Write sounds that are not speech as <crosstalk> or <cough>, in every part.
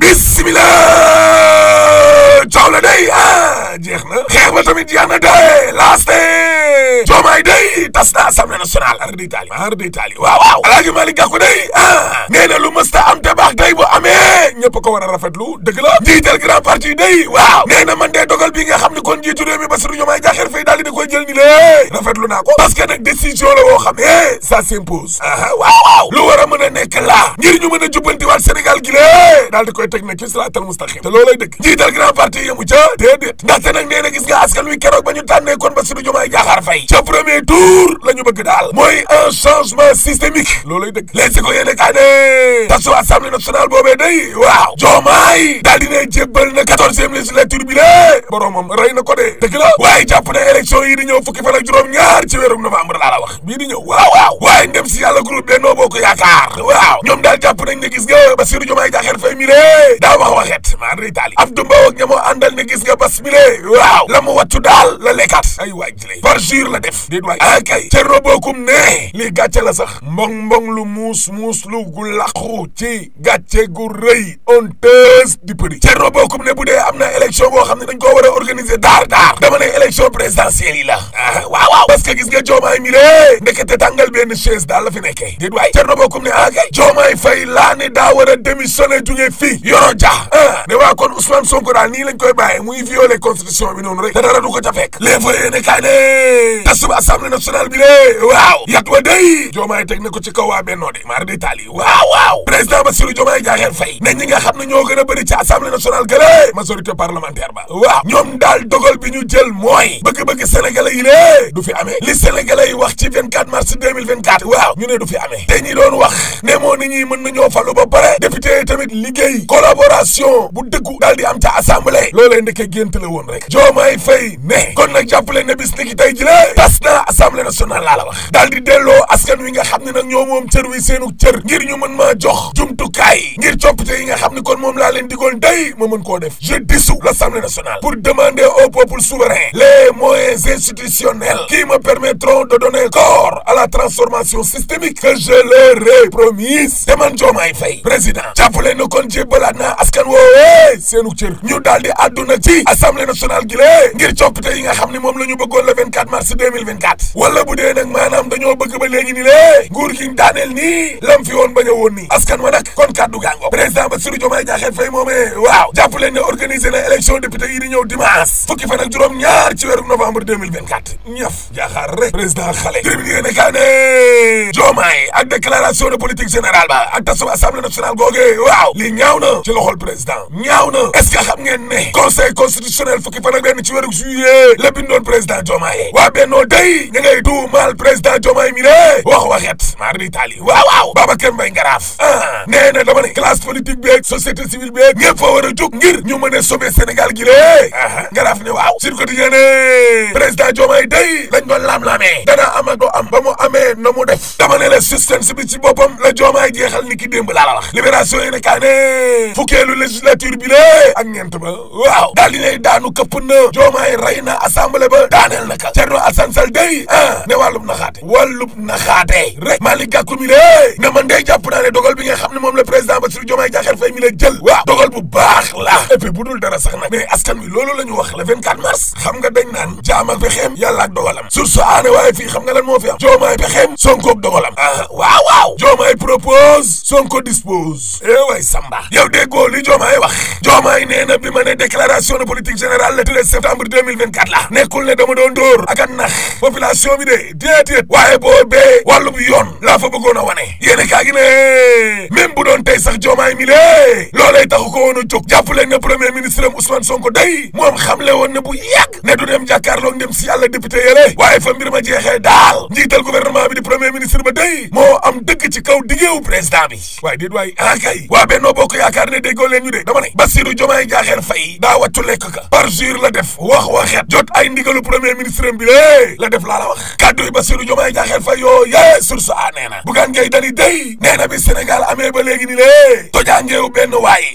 bismillah coow la day ah jeex na xeex ba tamit jeex na day laaste joomaay day tas na assemblée nationale ar day taali ar day taali waaw waaw alaaji Malick Gakou day ah nee na lu am te baax day bu amee ñëpp ko war a rafetlu dëgg la njiital grand parti day waaw nee na dogal bi nga xam ne kon njiitu réew mi Bassirou Diomaye Diakhar Faye daal di koy ko parce que nag décision la woo xam ne ça s'impose aa ah, ah, waaw waaw lu war a mën a nekk la ngir ñu mën a jubbanti waat grand parti yemu ca déedéet ndaxte nag nee na gis nga ba ñu tour la ñu bëgg daal mooy un changement systémique loolay dëgg les si ko yéene kaa ne tasu assemblée nationale boobee day waaw joomaay daal dinay jébbal na quatorzième législature bi lée boroomam rey na ko de la waaye jàpp na élection yi ñëw fukki fan ak ñaar ci weeru laa la wax bii ñëw waaw waaw waaye ndem si yàlla groupe Benno Bokk Yaakaar waaw ñoom daal jàpp ne gis nga Bassirou Diomaye Diakhar Faye mi lée daa wax waxet maa di taali Abdou Mbow ak akay ca robookum ne li gàcce la sax mbong mbong lu muus muus lu gu laqu ci gàcce gu rëy honteuse di përi ca robookum ne bu dee am na élection boo xam ne dañ koo war a organiser daar daar dama ne élection présidentielle la ah waaw waaw parce que gis nga joomaay mi ree ndekete tàngal benn chaise daal la fi nekkee déet waay ca robookum ne akay ah, joomaay fay laa daa war a démissionné jugee fii yoro jaa ah, waa kon Ousmane Sonko daal nii lañ koy bàyyee muy violé constitution ko ca fekk les assemblée bi de waaw yàq wa day joomaay teg na ko ci kaw waa bennoo de maar de taali waaw waaw président Bassirou Diomaye Diakhar Faye ne ñi nga xam ne ñoo gën a bëri ci assemblée nationale gële majorité parlementaire ba waaw ñoom daal dogal bi ñu jël mooy bëgg-bëgg sénégalais yi lée du fi amee li sénégalais yi wax ci 24 mars 2024 waaw ñu ne du fi amee te ñi doon wax ne moo nit ñi mën nañoo falu ba pare député yi tamit liggéey collaboration bu dëggu daal di am ca assemblée loolee ndeke gént la woon rek Diomaye Faye ne assemblée nationale laa la wax daal di delloo askan wi nga xam ne nag ñoo moom cër wi seenu cër ngir ñu mën maa jox jumtu jumtukaay ngir coppite yi nga xam ne kon moom laa leen digoon day ma mën koo def je dissous l'Assemblée nationale pour demander au peuple souverain les moyens institutionnels qui me permettront de donner corps à la transformation systémique que je leur ai promise te man Diomaye Faye président jàppale na kon jébbalaat naa askan woowee seenu cër ñu daal di àdduna ci Assemblée nationale gi lée ngir coppite yi nga xam ni moom la ñu bëggoon le 24 mars 2024 wala bu dee nag maanaam dañoo bëgg ba léegi ni lée nguur gi daaneel nii lam fi woon bañ askan wa nag kon kàddu gàngo président Bassirou Diomaye Diakhar Faye moomee waaw jàpp leen ne organiser na élection député yi di ñëw dimanche fukki fan ak juróom ñaar ci weeru novembre 2024 ñëf jaaxaar rek président xale tribune yéene kaa ne Diomaye ak de politique générale ba ak tasum assemblée nationale googee waaw li ñaaw na ci loxol président ñaaw na est-ce xam ngeen ne conseil constitutionnel fukki fan benn ci weeru juillet la bindoon président Diomaye waa bennoo nee na dama ne classe politique beeg société civile beeg ñëpp a war a jóg ngir ñu mën a sauver Sénégal gi lée nga daaf ne waaw sur quotidien ne président Diomaye day lañ doon dana am ak doo am ba mu amee na mu def dama ne la suspense bi ci boppam la Diomaye jeexal ni ki démb laa la wax yi ne kaa ne fukkeelu législature bi lée ak ñeent ba waaw daal di ne daanu këpp na Diomaye rey na assemblée ba daaneel na ka Thierno Alassane Sall day ah ne wàllub naxaate wàllub naxaate rek Malick Gakou le président Bassirou Diomaye Diakhar Faye mi a jël waaw dogal bu baax la et puis dara sax nag mais askan wi loolu la ñu wax le 24 mars xam nga dañ naan jaam ak pexeem yàlla ak sa aane waaye fii xam nga lan moo fi am Diomaye pexeem Sonkoog dogalam ah waaw waaw Diomaye propose Sonko dispose eh waay Samba yow déggoo li Diomaye wax Diomaye nee na bi ma ne déclaration de politique générale le 13 septembre 2024 la nekkul ne dama doon dóor bi de déedéet waaye boo bee wàllu bu yoon laa a a ne même doon tey sax joomaay mi lée loolay ko woon a jóg jàpp leen ne premier ministre am Ousmane Sonko day moom xamle woon na bu yàgg ne du dem jàkkaarloo dem si yàlla député yële waaye fa mbir ma jeexee daal njiital gouvernement bi di premier ministre ba day moo am dëgg ci kaw digéewu président bi waaye déet waaye akay ah waa Benno Bokk Yaakaar ne déggoo leen ñu de dama ne Bassirou Diomaye Diakhar Faye daa wàccu lekk ka parjure la def wax waxet jot ay ndigalu premier ministre a gi ni lée tojaangeewu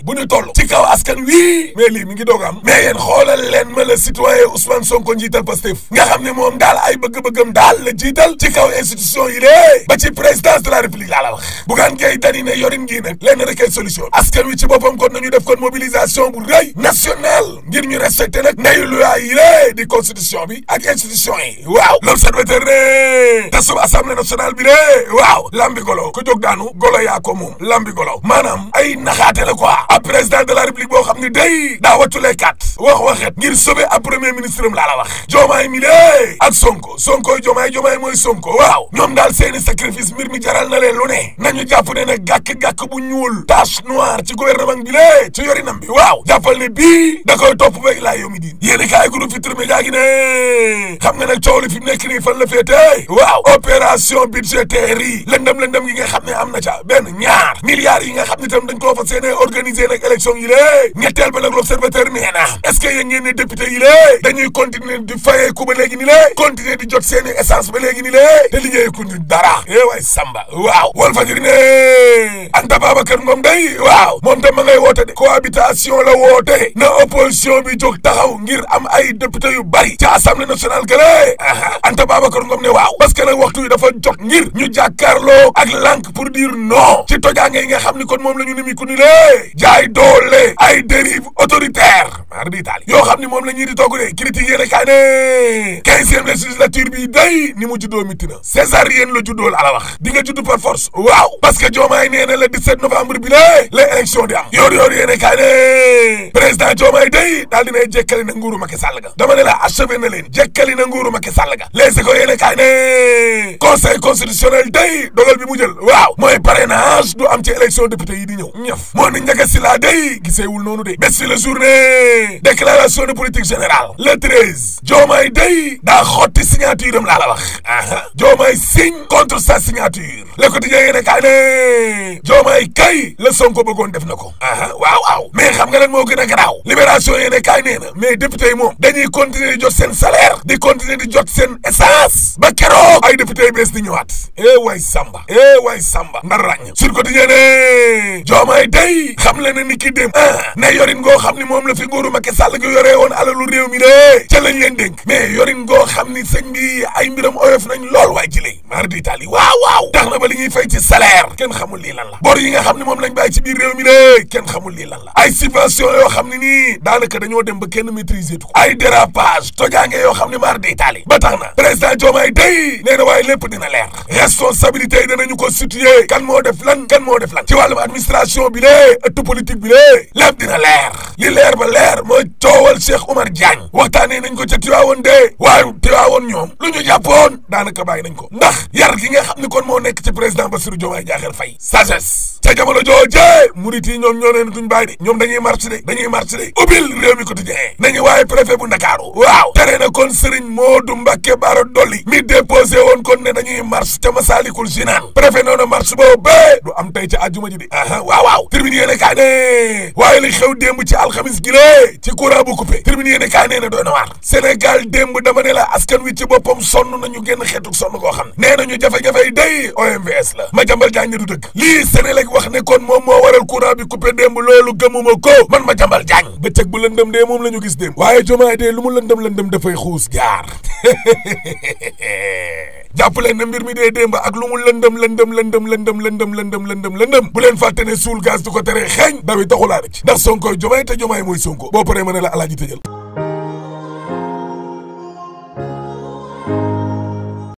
bu ñu toll ci kaw askan wii mais lii mi ngi doog am mais yéen xoolal leen ma la citoyen Ousmane Sonko njiital Pastef nga moom daal ay bëgg-bëggam daal la jiital ci kaw institution yi lée ba ci présidence la république laa la wax bugaan ngay dani ne yorin gii nag kon nañu def kon mobilisation bu rëy nationale ngir ñu respecté nag yi lée di constitution bi ak institution yi waaw l'observateur ne tasub assemblée nationale bi lée waaw lambi golo ko jóg daanu golo yaa moom lambi rigolo maanaam ay naxaate la quoi a président de la république boo xam ne day daa wàcculee kat wax waxet ngir sauver ab premier ministre am laa la wax joomaay mi lee ak sonko sonko joomaay joomaay mooy sonko waaw ñoom daal seeni sacrifice mbir mi jaral na leen lu ne nañu jàpp ne nag gàkk-gàkk bu ñuul tache noire ci gouvernement bi lee ci yorinam bi waaw jàppal ne bii da koy topp bay laa yow mi diin yéeni kaay groupe Futurs Médias gi ne xam la féetee yi nga xam ne am na ca ben ñaar milliards yi nga xam ne tam dañ koo fas yéene organiser nag élection yi lée ñetteel ba nag l'observateur nee na est-ce que yéen ngeen ne député yi lée dañuy continuer di fayee ku ba léegi ni lée continuer di jot seeni essence ba léegi ni lée te liggéey ku ñu dara é eh waay samba waaw Walfadjri ne Anta Babacar Ngom day waaw moom tam ma ngay woote de cohabitation la woote na opposition bi jóg taxaw ngir am ay député yu bari ci assemblée nationale gëlé Anta Babacar Ngom ne waaw parce que nag waxtu yi dafa jot ngir ñu jàkkaarloo ak lànk pour dire non ci nga xam ni kon moom la ñu nimiku ni lée jaay doole ay dérive autoritaire maar di taali yoo xam ni moom la ñuy di togg de critique yéene kaay ne quinzième législature bi day ni mu juddoo mitti na la juddoo ala wax di nga juddu par force waaw parce que Diomaye nee na le 17 novembre bi lée les élections di am yoor yoor yéene kaay ne président Diomaye day daal dinay jekkali na nguuru Macky Sall ga dama ne la achevé na leen jekkali na nguuru Macky Sall ga les ko yéene kaay ne conseil constitutionnel day dogal bi mu jël waaw élection député yi di ñëw ñëf moo ni njaga si laa day giseewul noonu de bés si la journée déclaration de politique générale le 13 joomaay day daa xotti signature am laa la wax aha joomaay signe contre sa signature le quotidien yéene kaa ne kay la sonko bëggoon def na ko aha waaw waaw mais xam nga lan moo gën a garaaw libération yéene kaay nee na mais député yi moom dañuy continuer di jot seen salaire di continuer di jot seen essence ba keroog ay député yi bees di ñëwaat eh way samba eh, joomaay day xam le na ni ki dem ah ne yorin goo xam ni moom la fi nguuru Macky Sall gi yoree woon alalu réew mi de ca lañ leen dénk yorin goo xam ni sëñ bi ay mbiram oyof nañ lool waaye ci lay mar di tali waaw waaw tax na ba li ñuy fay ci salaire kenn xamul lii lan la bor yi nga xam ne moom lañ bàyyi ci biir réew mi de kenn xamul lii lan la ay subvention yoo xam ne nii daanaka dañoo dem ba kenn maîtriser tu ko ay dérapage tojaange yoo xam ne mar di tali ba tax na président joomaay day nee na waaye lépp ko situer kan moo def lan kan moo def nag ci wàllum administration bi lé ëttu politique bi lé lépp dina leer li leer ba leer mooy coowal Cheikh Oumar Diagne waxtaanee nañ ko ca Tiwaawoon de waaye Tiwaawoon ñoom lu ñu jàppoon daanaka bàyyi nañ ko ndax yar gi nga xam ni kon moo nekk ci président Bassirou Diomaye Diakhar Faye sagesse ca jamono joojee murit yi ñoom ñoo neen duñ bàyyi de ñoom dañuy marché de dañuy marché de ubbil réew mi quotidien nañu waaye préfet bu Ndakaaru waaw tere na kon Serigne Modou Mbacké Bara mi déposé woon kon ne dañuy marche ca Masaalikul Jinaan préfet noonu marche boobu du am tey courant bu coupé tribune yéene kaay nee na doy na waar Sénégal démb dama ne la askan wi ci boppam sonn nañu génn xeetuk sonn koo xam ne nee nañu jafe-jafe yi day OMVS la ma jambal jaañ ne du dëgg lii Sénélec wax ne kon moom moo waral courant bi coupé démb loolu gëmuma ko man ma jambal jaañ bëccëg bu lëndëm dee moom la ñu gis démb waaye jomaay dee lu mu lëndëm lëndëm dafay xuus jaar <laughs> jàpp leen ne mbir mi dee démb ak lu mu lëndëm lëndëm lëndëm lëndëm lëndëm lëndëm lëndëm lëndëm bu leen fàtte ne suul gaz du ko tere xeeñ dawi taxulaa rek ndax sonkoy jomaay te jomaay mooy sonko boo paree mën a la alaaji tëjal